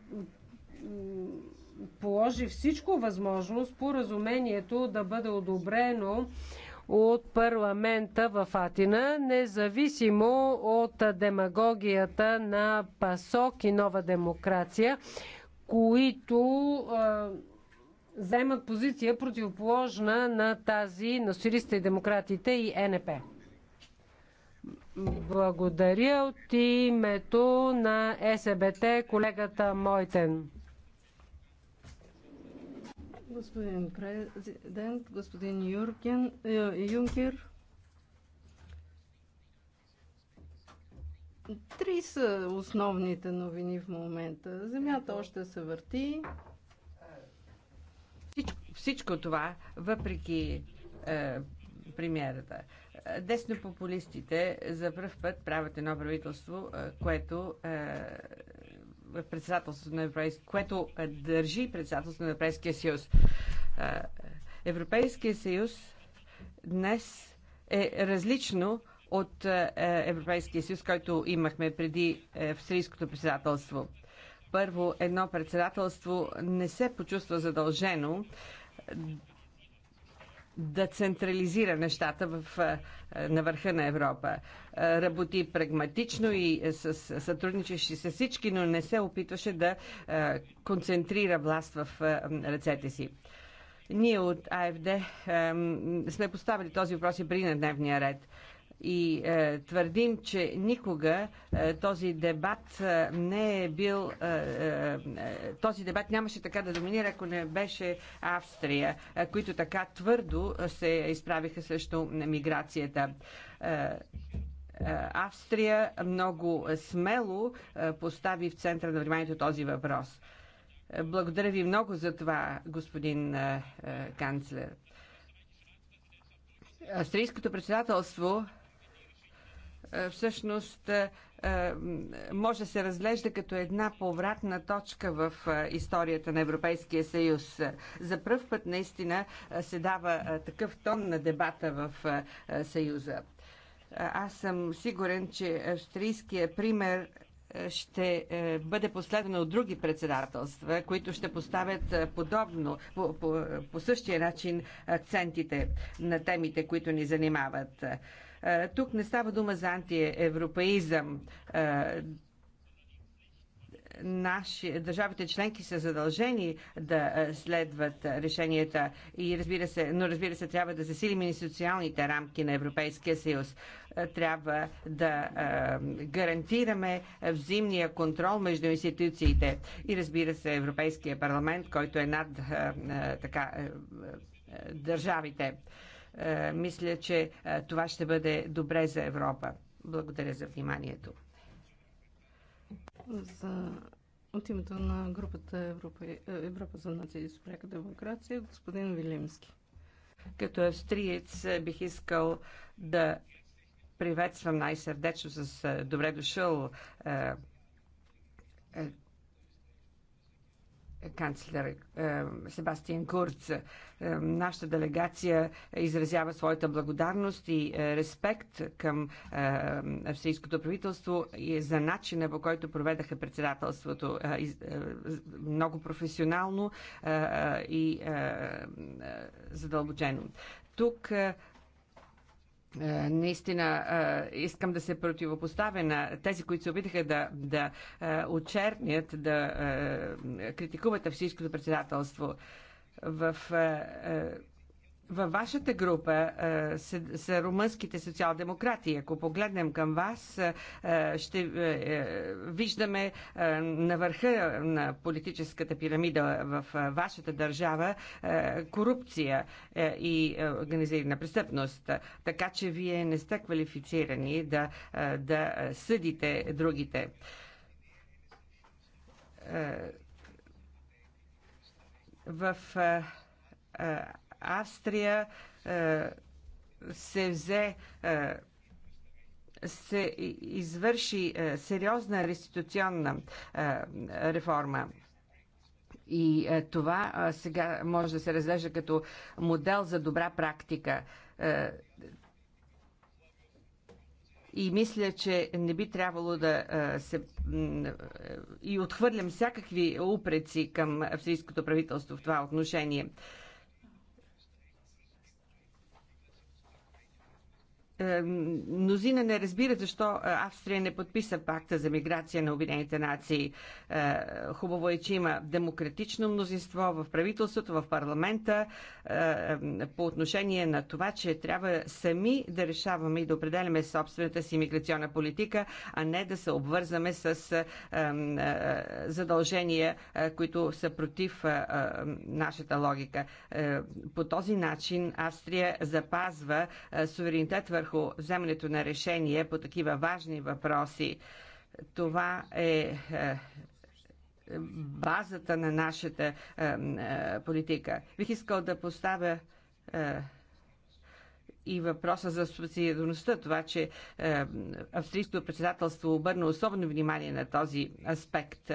положи всичко възможно споразумението да бъде одобрено от парламента в Атина, независимо от демагогията на ПАСОК и Нова демокрация които а, вземат позиция противоположна на тази на социалистите и демократите и НП. Благодаря от името на СБТ колегата Мойтен. Господин президент, господин Юрген, е, Юнкер, Три са основните новини в момента. Земята още се върти. Всичко, всичко това, въпреки е, премиерата, деснопопулистите за първ път правят едно правителство, е, което е, председателството на Европейския, което е, държи председателството на Европейския съюз. Е, Европейския съюз днес е различно от е, е, Европейския съюз, който имахме преди е, австрийското председателство. Първо, едно председателство не се почувства задължено да централизира нещата в, на върха на Европа. Работи прагматично и с, сътрудничащи с всички, но не се опитваше да концентрира власт в ръцете си. Ние от АФД сме поставили този въпрос и при на дневния ред и е, твърдим, че никога е, този дебат е, не е бил. Е, е, е, този дебат нямаше така да доминира, ако не беше Австрия, е, които така твърдо се изправиха срещу миграцията. Е, е Австрия много смело е, постави в центъра на вниманието този въпрос. Благодаря ви много за това, господин канцлер. Австрийското председателство е, всъщност е, е, може да се разглежда като една повратна точка в историята на Европейския съюз. За първ път наистина се дава такъв тон на дебата в съюза. Аз съм сигурен, че австрийския пример ще бъде последен от други председателства, които ще поставят подобно, по, по, по същия начин акцентите на темите, които ни занимават. Е, тук не става дума за антиевропеизъм е, наши, държавите членки са задължени да е, следват решенията и разбира се, но разбира се трябва да засилим институционалните рамки на Европейския съюз. Трябва да гарантираме взимния контрол между институциите и разбира се Европейския парламент, който е над така държавите. Е, мисля, че е, това ще бъде добре за Европа. Благодаря за вниманието. За... От името на групата Европа, е, Европа за нация и спряка демокрация, господин Вилимски. Като австриец бих искал да приветствам най-сърдечно с добре дошъл канцлер е, Себастиан Курц. Е, нашата делегация изразява своята благодарност и е, респект към австрийското правителство и за начина по който проведаха председателството много професионално и задълбочено. Тук е, наистина е, искам да се противопоставя на тези, които се опитаха да, да е, очернят, да критикуват всичкото председателство. В във вашата група е, са, румънските социал-демократи. Ако погледнем към вас, е, е ще е, е, виждаме е, на върха на политическата пирамида в е, вашата държава е, корупция е, и е, организирана престъпност. Така че вие не сте квалифицирани да, е, да съдите другите. Е, в. Е, е Австрия е, се взе е, се извърши е, сериозна реституционна реформа. И това сега може да се разглежда като модел за добра практика. И мисля, че не би трябвало да се. И отхвърлям всякакви упреци към австрийското правителство в това отношение. Е, мнозина не разбира, защо е, Австрия не подписа пакта за миграция на Обединените нации. Е, хубаво е, че има демократично мнозинство в правителството, в парламента по отношение на това, че трябва сами да решаваме и да определяме собствената си миграционна политика, а не да се обвързаме с задължения, които са против нашата логика. По този начин Австрия запазва суверенитет върху върху вземането на решение по такива важни въпроси. Това е, е базата на нашата е, е, политика. Бих искал да поставя и въпроса за субсидиарността, това, че австрийското председателство обърна особено внимание на този аспект.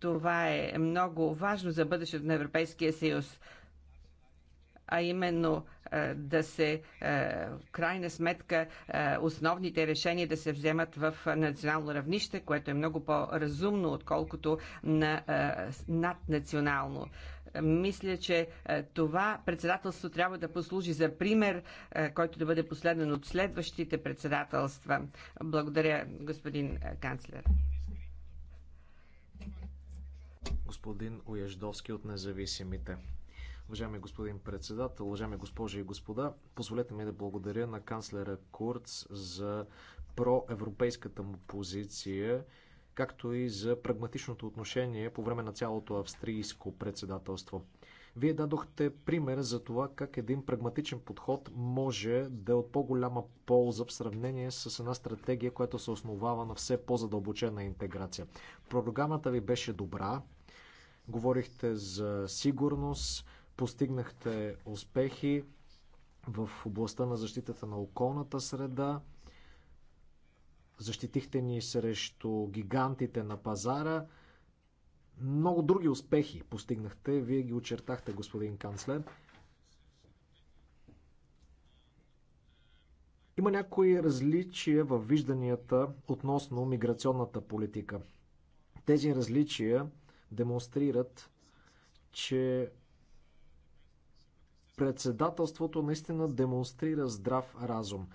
Това е много важно за бъдещето на Европейския съюз а именно да се, в крайна сметка, основните решения да се вземат в национално равнище, което е много по-разумно, отколкото на наднационално. Мисля, че това председателство трябва да послужи за пример, който да бъде последен от следващите председателства. Благодаря, господин канцлер. Господин Уеждовски от независимите. Уважаеми господин председател, уважаеми госпожи и господа, позволете ми да благодаря на канцлера Курц за проевропейската му позиция, както и за прагматичното отношение по време на цялото австрийско председателство. Вие дадохте пример за това как един прагматичен подход може да е от по-голяма полза в сравнение с една стратегия, която се основава на все по-задълбочена интеграция. Програмата ви беше добра, говорихте за сигурност, Постигнахте успехи в областта на защитата на околната среда. Защитихте ни срещу гигантите на пазара. Много други успехи постигнахте. Вие ги очертахте, господин канцлер. Има някои различия в вижданията относно миграционната политика. Тези различия демонстрират, че председателството наистина демонстрира здрав разум.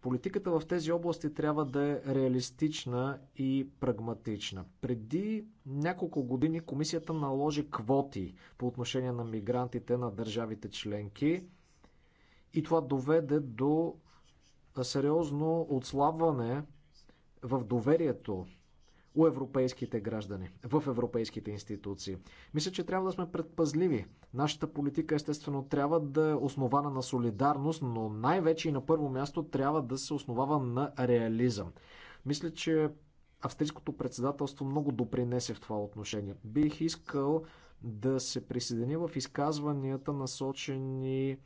Политиката в тези области трябва да е реалистична и прагматична. Преди няколко години комисията наложи квоти по отношение на мигрантите на държавите членки и това доведе до сериозно отслабване в доверието у европейските граждани, в европейските институции. Мисля, че трябва да сме предпазливи. Нашата политика естествено трябва да е основана на солидарност, но най-вече и на първо място трябва да се основава на реализъм. Мисля, че австрийското председателство много допринесе в това отношение. Бих искал да се присъединя в изказванията насочени е,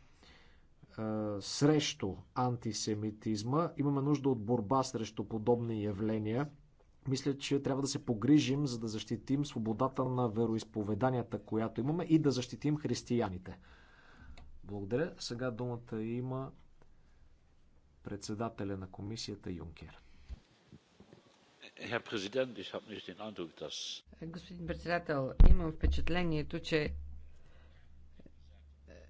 срещу антисемитизма. Имаме нужда от борба срещу подобни явления – мисля, че трябва да се погрижим, за да защитим свободата на вероисповеданията, която имаме и да защитим християните. Благодаря. Сега думата има председателя на комисията Юнкер. Господин председател, имам впечатлението, че е,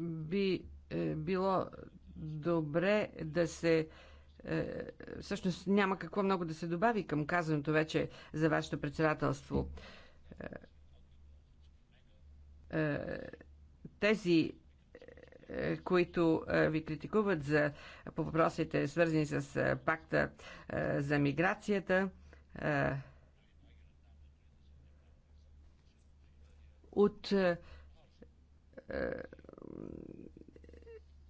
би е било добре да се. Е, всъщност няма какво много да се добави към казаното вече за вашето председателство. Е, тези които ви критикуват за, по въпросите, свързани с пакта за миграцията. От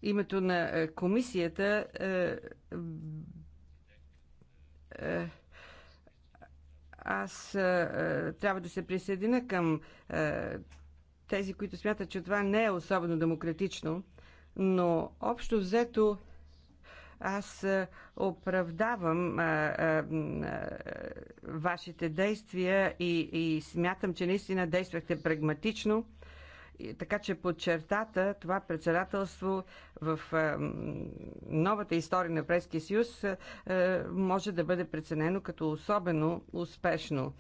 името на е, комисията е, е, аз трябва да се присъединя към тези, които смятат, че това не е особено демократично, но общо взето аз оправдавам а, а, а, вашите действия и, и смятам, че наистина действахте прагматично така че под чертата това председателство в е, новата история на Европейския съюз е, е, може да бъде преценено като особено успешно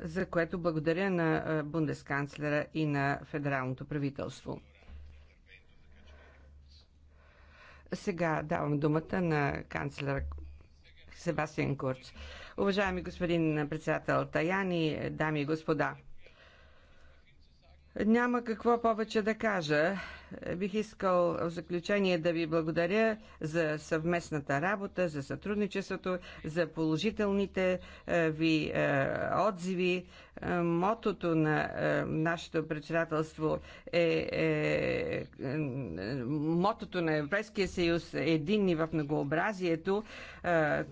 за което благодаря на бундесканцлера и на федералното правителство. Сега давам думата на канцлера Себастиан Курц. Уважаеми господин председател Таяни, дами и господа, няма какво повече да кажа бих искал в заключение да ви благодаря за съвместната работа, за сътрудничеството, за положителните е, ви е, отзиви. Е, мотото на нашето председателство е, е мотото на Европейския съюз е единни в многообразието.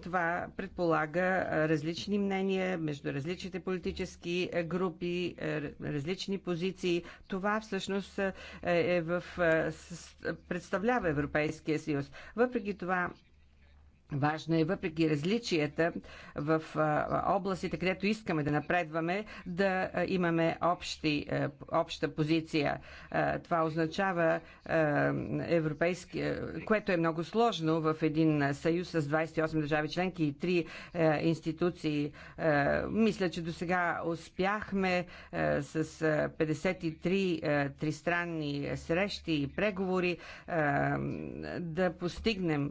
Това предполага различни мнения между различните политически групи, различни позиции. Това всъщност е в е, представлява Европейския съюз. Въпреки това, Важно е, въпреки различията в областите, където искаме да напредваме, да имаме общи, обща позиция. Това означава европейски, което е много сложно в един съюз с 28 държави членки и 3 институции. Мисля, че до сега успяхме с 53 тристранни срещи и преговори да постигнем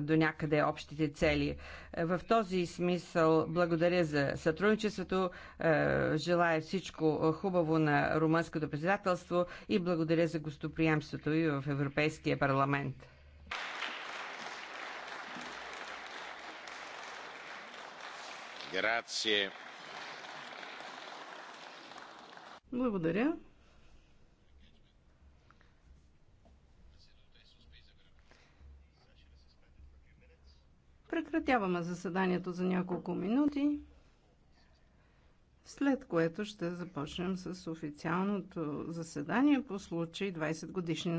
до някъде някъде общите цели. В този смисъл благодаря за сътрудничеството, е, желая всичко хубаво на румънското председателство и благодаря за гостоприемството и в Европейския парламент. Благодаря. Прекратяваме заседанието за няколко минути, след което ще започнем с официалното заседание по случай 20 годишни